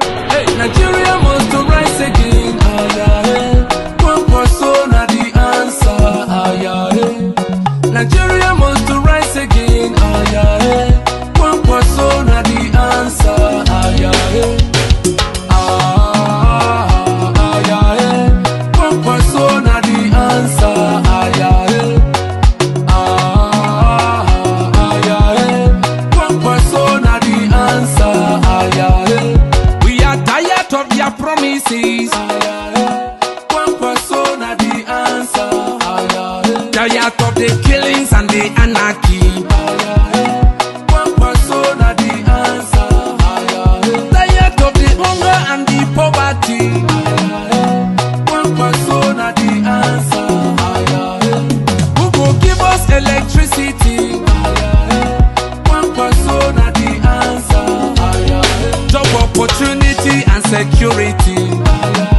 Hey, Nigeria wants to rise again. Ah, yeah, One person are the answer. Ah, yeah, Nigeria wants to rise again. Ah, yeah, One person are the answer. Ah, yeah, hey. Ah, ah, yeah, One person are the answer. Ah, yeah, hey. Ah, ah, yeah, One person are the their promises. One person persona, the answer. Tired of the killings and the anarchy. One persona, the answer. Tired of the hunger and the poverty. One persona, the answer. Who will give us electricity? One persona, the answer. Job opportunity security.